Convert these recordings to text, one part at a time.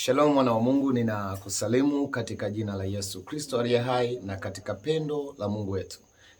Shalom mwana wa Mungu, ninakusalimu katika jina la Yesu Kristo aliye hai na katika pendo la Mungu wetu.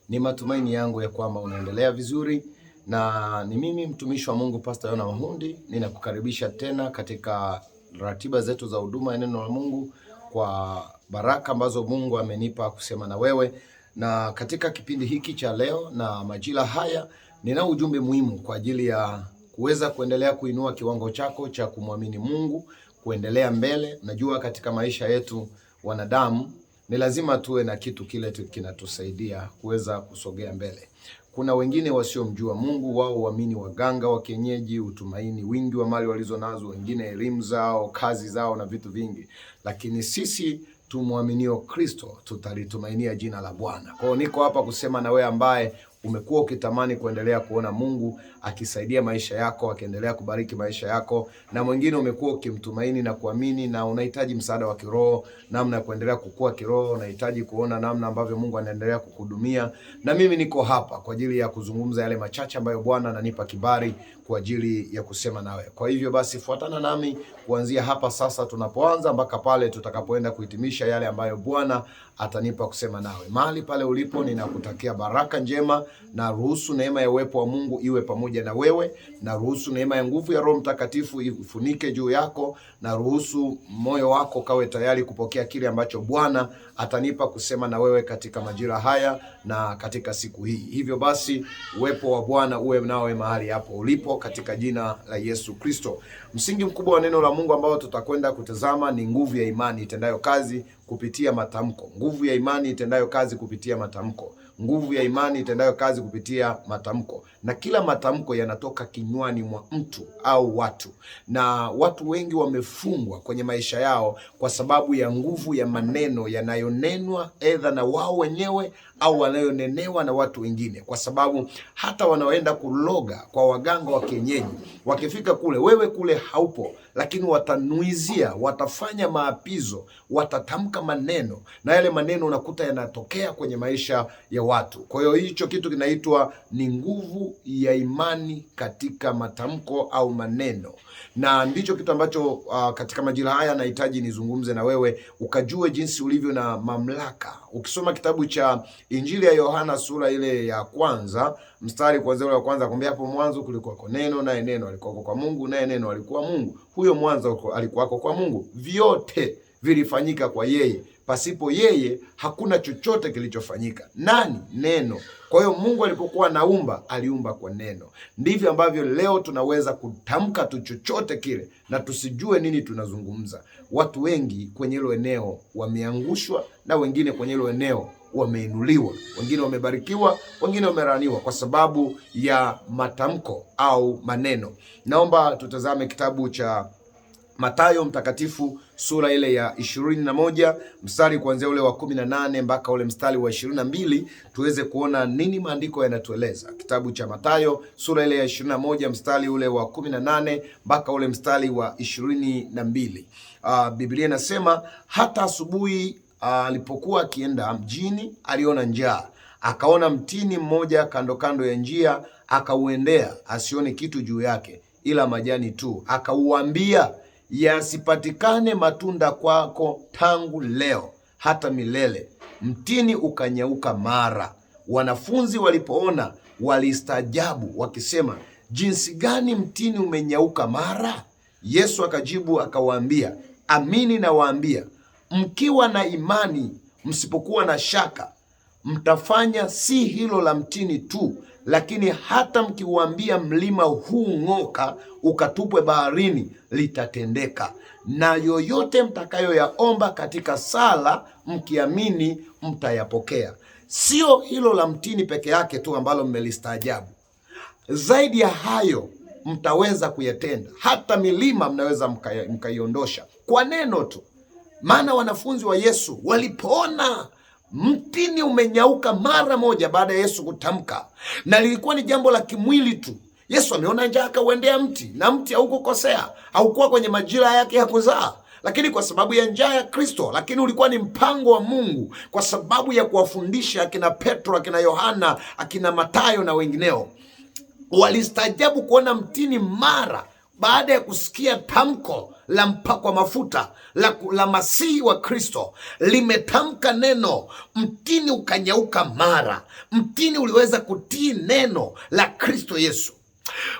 Ni matumaini yangu ya kwamba unaendelea vizuri, na ni mimi mtumishi wa Mungu Pastor Yona Mahundi, ninakukaribisha tena katika ratiba zetu za huduma ya neno la Mungu kwa baraka ambazo Mungu amenipa kusema na wewe, na katika kipindi hiki cha leo na majira haya, nina ujumbe muhimu kwa ajili ya kuweza kuendelea kuinua kiwango chako cha kumwamini Mungu kuendelea mbele. Najua katika maisha yetu wanadamu ni lazima tuwe na kitu kile kinatusaidia kuweza kusogea mbele. Kuna wengine wasiomjua Mungu, wao waamini waganga wa kienyeji, utumaini wingi wa mali walizonazo, wengine elimu zao, kazi zao na vitu vingi, lakini sisi tumwaminio Kristo tutalitumainia jina la Bwana. Kwa niko hapa kusema na wewe ambaye umekuwa ukitamani kuendelea kuona Mungu akisaidia maisha yako, akiendelea kubariki maisha yako, na mwingine umekuwa ukimtumaini na kuamini, na unahitaji msaada wa kiroho, namna ya kuendelea kukua kiroho, unahitaji kuona namna ambavyo Mungu anaendelea kukuhudumia. Na mimi niko hapa kwa ajili ya kuzungumza yale machache ambayo Bwana ananipa kibali kwa ajili ya kusema nawe. Kwa hivyo basi, fuatana nami kuanzia hapa sasa tunapoanza mpaka pale tutakapoenda kuhitimisha yale ambayo Bwana atanipa kusema nawe. Mahali pale ulipo, ninakutakia baraka njema, na ruhusu neema ya uwepo wa Mungu iwe pamoja na wewe, na ruhusu neema ya nguvu ya Roho Mtakatifu ifunike juu yako, na ruhusu moyo wako kawe tayari kupokea kile ambacho Bwana atanipa kusema na wewe katika majira haya na katika siku hii. Hivyo basi, uwepo wa Bwana uwe nawe mahali hapo ulipo katika jina la Yesu Kristo. Msingi mkubwa wa neno la Mungu ambao tutakwenda kutazama ni nguvu ya imani itendayo kazi kupitia matamko, nguvu ya imani itendayo kazi kupitia matamko nguvu ya imani itendayo kazi kupitia matamko, na kila matamko yanatoka kinywani mwa mtu au watu. Na watu wengi wamefungwa kwenye maisha yao kwa sababu ya nguvu ya maneno yanayonenwa edha na wao wenyewe au wanayonenewa na watu wengine, kwa sababu hata wanaoenda kuloga kwa waganga wa kienyeji wakifika kule, wewe kule haupo, lakini watanuizia, watafanya maapizo, watatamka maneno na yale maneno unakuta yanatokea kwenye maisha ya watu. Kwa hiyo hicho kitu kinaitwa ni nguvu ya imani katika matamko au maneno, na ndicho kitu ambacho uh, katika majira haya nahitaji nizungumze na wewe ukajue jinsi ulivyo na mamlaka. Ukisoma kitabu cha Injili ya Yohana sura ile ya kwanza mstari kuanzia ule wa kwanza akwambia, hapo mwanzo kwa neno, naye neno alikuwa kwa Mungu, naye neno alikuwa Mungu. Huyo mwanzo alikuwa kwa Mungu, vyote vilifanyika kwa yeye Pasipo yeye hakuna chochote kilichofanyika. Nani? Neno. Kwa hiyo Mungu alipokuwa anaumba, aliumba kwa neno. Ndivyo ambavyo leo tunaweza kutamka tu chochote kile na tusijue nini tunazungumza. Watu wengi kwenye hilo eneo wameangushwa, na wengine kwenye hilo eneo wameinuliwa, wengine wamebarikiwa, wengine wameraniwa kwa sababu ya matamko au maneno. Naomba tutazame kitabu cha Mathayo mtakatifu sura ile ya ishirini na moja mstari kuanzia ule wa kumi na nane mpaka ule mstari wa ishirini na mbili tuweze kuona nini maandiko yanatueleza. Kitabu cha Mathayo sura ile ya ishirini na moja mstari ule wa kumi na nane mpaka ule mstari wa ishirini na mbili Uh, Biblia inasema hata asubuhi ah, alipokuwa uh, akienda mjini aliona njaa, akaona mtini mmoja kando kando ya njia, akauendea, asione kitu juu yake ila majani tu, akauambia yasipatikane matunda kwako tangu leo hata milele. Mtini ukanyauka mara. Wanafunzi walipoona walistaajabu, wakisema, jinsi gani mtini umenyauka mara? Yesu akajibu akawaambia, amini nawaambia, mkiwa na imani, msipokuwa na shaka, mtafanya si hilo la mtini tu, lakini hata mkiuambia mlima huu ng'oka, ukatupwe baharini, litatendeka. Na yoyote mtakayoyaomba katika sala, mkiamini mtayapokea. Sio hilo la mtini peke yake tu ambalo mmelistaajabu, zaidi ya hayo mtaweza kuyatenda. Hata milima mnaweza mkaiondosha, kwa neno tu. Maana wanafunzi wa Yesu walipoona Mtini umenyauka mara moja baada ya Yesu kutamka, na lilikuwa ni jambo la kimwili tu. Yesu ameona njaa akauendea mti, na mti haukukosea, haukuwa kwenye majira yake ya kuzaa lakini kwa sababu ya njaa ya Kristo, lakini ulikuwa ni mpango wa Mungu kwa sababu ya kuwafundisha akina Petro, akina Yohana, akina Matayo na wengineo. Walistaajabu kuona mtini mara baada ya kusikia tamko la mpakwa mafuta la, la masihi wa Kristo limetamka neno, mtini ukanyauka mara. Mtini uliweza kutii neno la Kristo Yesu.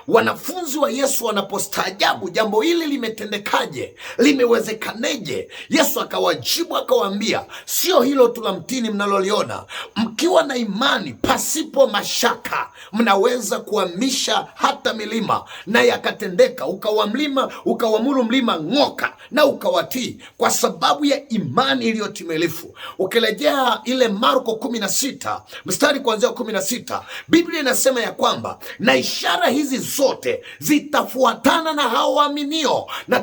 Wanafunzi wa Yesu wanapostaajabu jambo hili limetendekaje, limewezekaneje, Yesu akawajibu akawaambia, sio hilo tu la mtini mnaloliona, mkiwa na imani pasipo mashaka mnaweza kuhamisha hata milima, na yakatendeka. Ukawa mlima ukawamuru mlima ng'oka, na ukawatii, kwa sababu ya imani iliyotimilifu. Ukirejea ile Marko kumi na sita mstari kuanzia kumi na sita Biblia inasema ya kwamba na ishara hizi zote zitafuatana na hao waaminio, na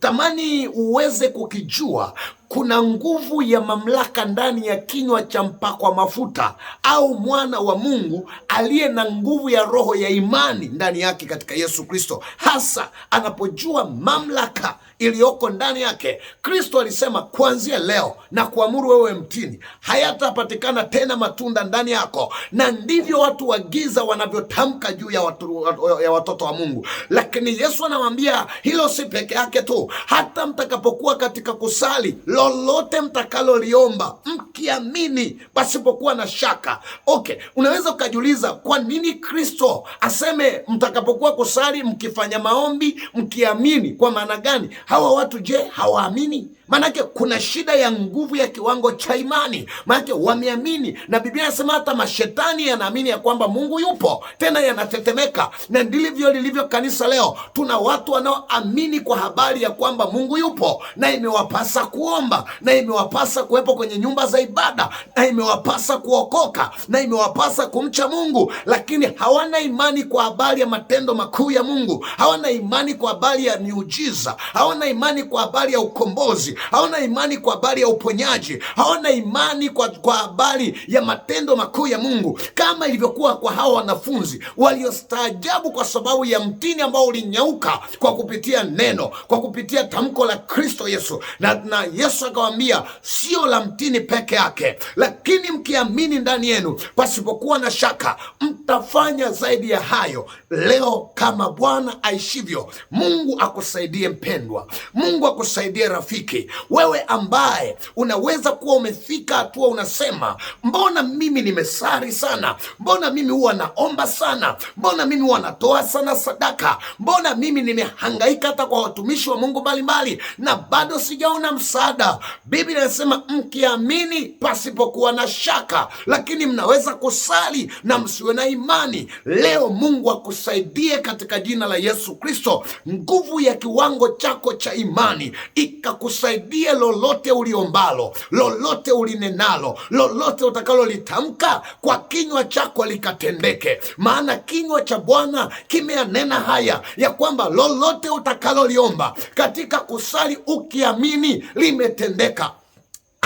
tamani uweze kukijua kuna nguvu ya mamlaka ndani ya kinywa cha mpakwa mafuta au mwana wa Mungu aliye na nguvu ya roho ya imani ndani yake katika Yesu Kristo, hasa anapojua mamlaka iliyoko ndani yake. Kristo alisema, kuanzia leo na kuamuru wewe mtini, hayatapatikana tena matunda ndani yako. Na ndivyo watu wa giza wanavyotamka juu ya, watu, ya watoto wa Mungu, lakini Yesu anamwambia hilo si peke yake tu, hata mtakapokuwa katika kusali lo lolote mtakaloliomba mkiamini pasipokuwa na shaka. Okay, unaweza ukajiuliza kwa nini Kristo aseme mtakapokuwa kusali mkifanya maombi mkiamini, kwa maana gani? Hawa watu je, hawaamini? Maanake kuna shida ya nguvu ya kiwango cha imani, maanake wameamini, na Biblia inasema hata mashetani yanaamini ya kwamba Mungu yupo, tena yanatetemeka. Na ndilivyo lilivyo kanisa leo, tuna watu wanaoamini kwa habari ya kwamba Mungu yupo, na imewapasa kuomba, na imewapasa kuwepo kwenye nyumba za ibada, na imewapasa kuokoka, na imewapasa kumcha Mungu, lakini hawana imani kwa habari ya matendo makuu ya Mungu, hawana imani kwa habari ya miujiza, hawana imani kwa habari ya ukombozi uponyaji, hawana imani kwa habari ya uponyaji, hawana imani kwa kwa habari ya matendo makuu ya Mungu, kama ilivyokuwa kwa hawa wanafunzi waliostaajabu kwa sababu ya mtini ambao ulinyauka kwa kupitia neno, kwa kupitia tamko la Kristo Yesu. Na, na Yesu akawaambia sio la mtini peke yake, lakini mkiamini ndani yenu pasipokuwa na shaka mtafanya zaidi ya hayo. Leo kama Bwana aishivyo. Mungu akusaidie mpendwa, Mungu akusaidie rafiki wewe ambaye unaweza kuwa umefika hatua unasema, mbona mimi nimesari sana, mbona mimi huwa naomba sana, mbona mimi huwa natoa sana sadaka, mbona mimi nimehangaika hata kwa watumishi wa Mungu mbalimbali na bado sijaona msaada. Biblia inasema mkiamini pasipokuwa na shaka, lakini mnaweza kusali na msiwe na imani. Leo Mungu akusaidie katika jina la Yesu Kristo, nguvu ya kiwango chako cha imani ikakusaidia akusaidie lolote uliombalo, lolote ulinenalo, lolote utakalolitamka kwa kinywa chako likatendeke, maana kinywa cha Bwana kimeanena haya ya kwamba lolote utakaloliomba katika kusali ukiamini limetendeka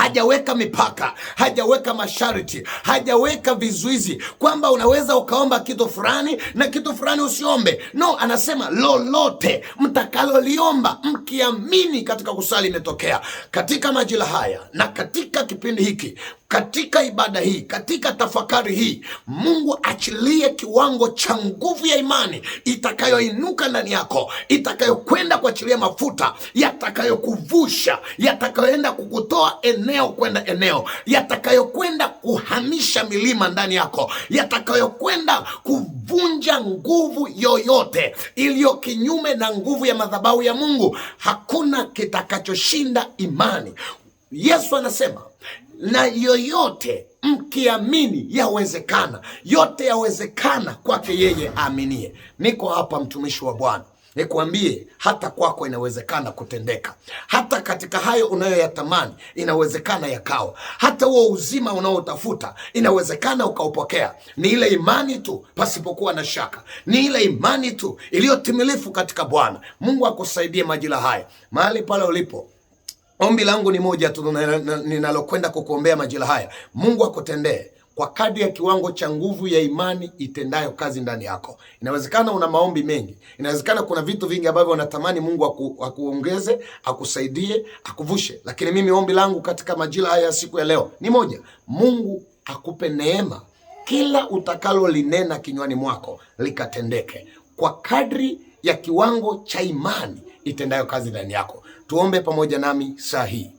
hajaweka mipaka, hajaweka masharti, hajaweka vizuizi kwamba unaweza ukaomba kitu fulani na kitu fulani usiombe. No, anasema lolote mtakaloliomba mkiamini katika kusali imetokea. Katika majira haya na katika kipindi hiki katika ibada hii, katika tafakari hii, Mungu achilie kiwango cha nguvu ya imani itakayoinuka ndani yako, itakayokwenda kuachilia mafuta yatakayokuvusha, yatakayoenda kukutoa eneo kwenda eneo, yatakayokwenda kuhamisha milima ndani yako, yatakayokwenda kuvunja nguvu yoyote iliyo kinyume na nguvu ya madhabahu ya Mungu. Hakuna kitakachoshinda imani. Yesu anasema na yoyote mkiamini yawezekana, yote yawezekana kwake yeye aaminie. Niko hapa mtumishi wa Bwana nikuambie hata kwako inawezekana kutendeka. Hata katika hayo unayoyatamani inawezekana yakawa. Hata huo uzima unaotafuta inawezekana ukaupokea. Ni ile imani tu, pasipokuwa na shaka, ni ile imani tu iliyotimilifu katika Bwana. Mungu akusaidie majira haya, mahali pale ulipo Ombi langu ni moja tu ninalokwenda kukuombea majira haya, Mungu akutendee kwa kadri ya kiwango cha nguvu ya imani itendayo kazi ndani yako. Inawezekana una maombi mengi, inawezekana kuna vitu vingi ambavyo unatamani Mungu aku, akuongeze, akusaidie, akuvushe, lakini mimi ombi langu katika majira haya ya siku ya leo ni moja, Mungu akupe neema, kila utakalolinena kinywani mwako likatendeke kwa kadri ya kiwango cha imani itendayo kazi ndani yako. Tuombe pamoja nami saa hii.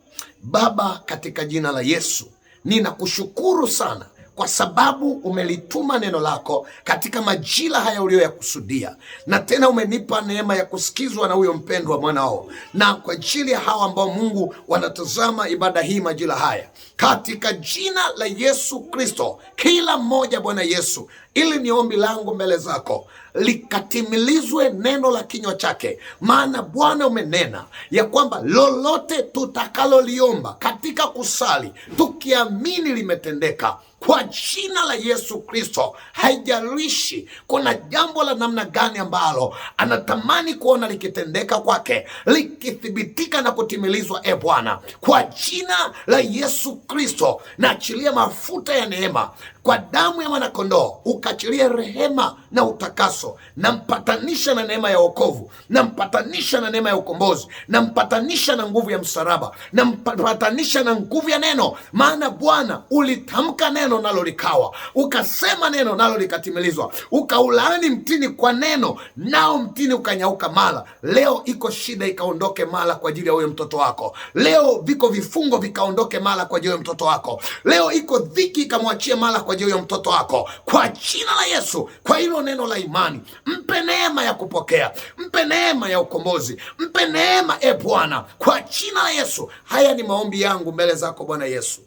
Baba, katika jina la Yesu, ninakushukuru sana kwa sababu umelituma neno lako katika majira haya uliyoyakusudia, na tena umenipa neema ya kusikizwa na huyo mpendwa mwanao, na kwa ajili ya hawa ambao Mungu wanatazama ibada hii majira haya, katika jina la Yesu Kristo, kila mmoja Bwana Yesu, ili ni ombi langu mbele zako likatimilizwe neno la kinywa chake, maana Bwana umenena ya kwamba lolote tutakaloliomba katika kusali tukiamini limetendeka kwa jina la Yesu Kristo. Haijalishi kuna jambo la namna gani ambalo anatamani kuona likitendeka kwake, likithibitika na kutimilizwa. E Bwana, kwa jina la Yesu Kristo, naachilia mafuta ya neema kwa damu ya mwanakondoo, ukaachilie rehema na utakaso, nampatanisha na neema ya wokovu, nampatanisha na neema ya ukombozi, nampatanisha na nguvu ya msalaba, nampatanisha na nguvu ya neno, maana Bwana ulitamka neno neno nalo likawa, ukasema neno nalo likatimilizwa, ukaulaani mtini kwa neno, nao mtini ukanyauka mara. Leo iko shida ikaondoke mara kwa ajili ya huyo mtoto wako. Leo viko vifungo vikaondoke mara kwa ajili ya mtoto wako. Leo iko dhiki ikamwachie mara kwa ajili ya mtoto wako, kwa jina la Yesu. Kwa hilo neno la imani, mpe neema ya kupokea, mpe neema ya ukombozi, mpe neema e Bwana, kwa jina la Yesu. Haya ni maombi yangu mbele zako Bwana Yesu.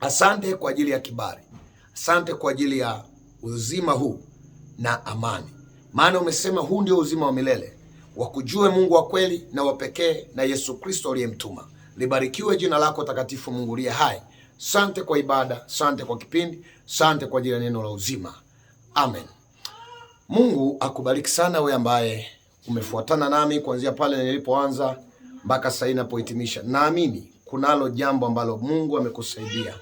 Asante kwa ajili ya kibali, asante kwa ajili ya uzima huu na amani, maana umesema huu ndio uzima wa milele wakujue Mungu wa kweli na wa pekee na Yesu Kristo aliyemtuma. Libarikiwe jina lako takatifu, Mungu liye hai. Sante kwa ibada, sante kwa kipindi, sante kwa ajili ya neno la uzima. Amen. Mungu akubariki sana wewe ambaye umefuatana nami kuanzia pale nilipoanza mpaka sasa ninapohitimisha. Naamini kunalo jambo ambalo Mungu amekusaidia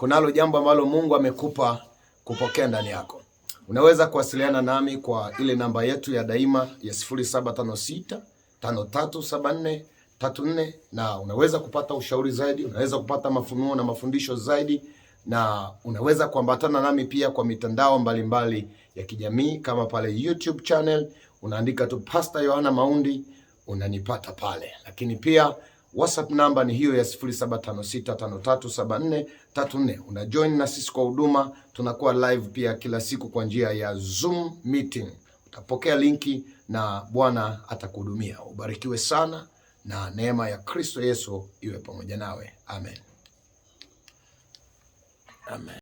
kunalo jambo ambalo Mungu amekupa kupokea ndani yako. Unaweza kuwasiliana nami kwa ile namba yetu ya daima ya 0756 5374 na unaweza kupata ushauri zaidi, unaweza kupata mafunuo na mafundisho zaidi, na unaweza kuambatana nami pia kwa mitandao mbalimbali mbali ya kijamii kama pale YouTube channel unaandika tu Pastor Yohana Maundi unanipata pale, lakini pia WhatsApp namba ni hiyo ya 0756537434. Una join na sisi kwa huduma, tunakuwa live pia kila siku kwa njia ya Zoom meeting. Utapokea linki na Bwana atakuhudumia. Ubarikiwe sana na neema ya Kristo Yesu iwe pamoja nawe. Amen. Amen.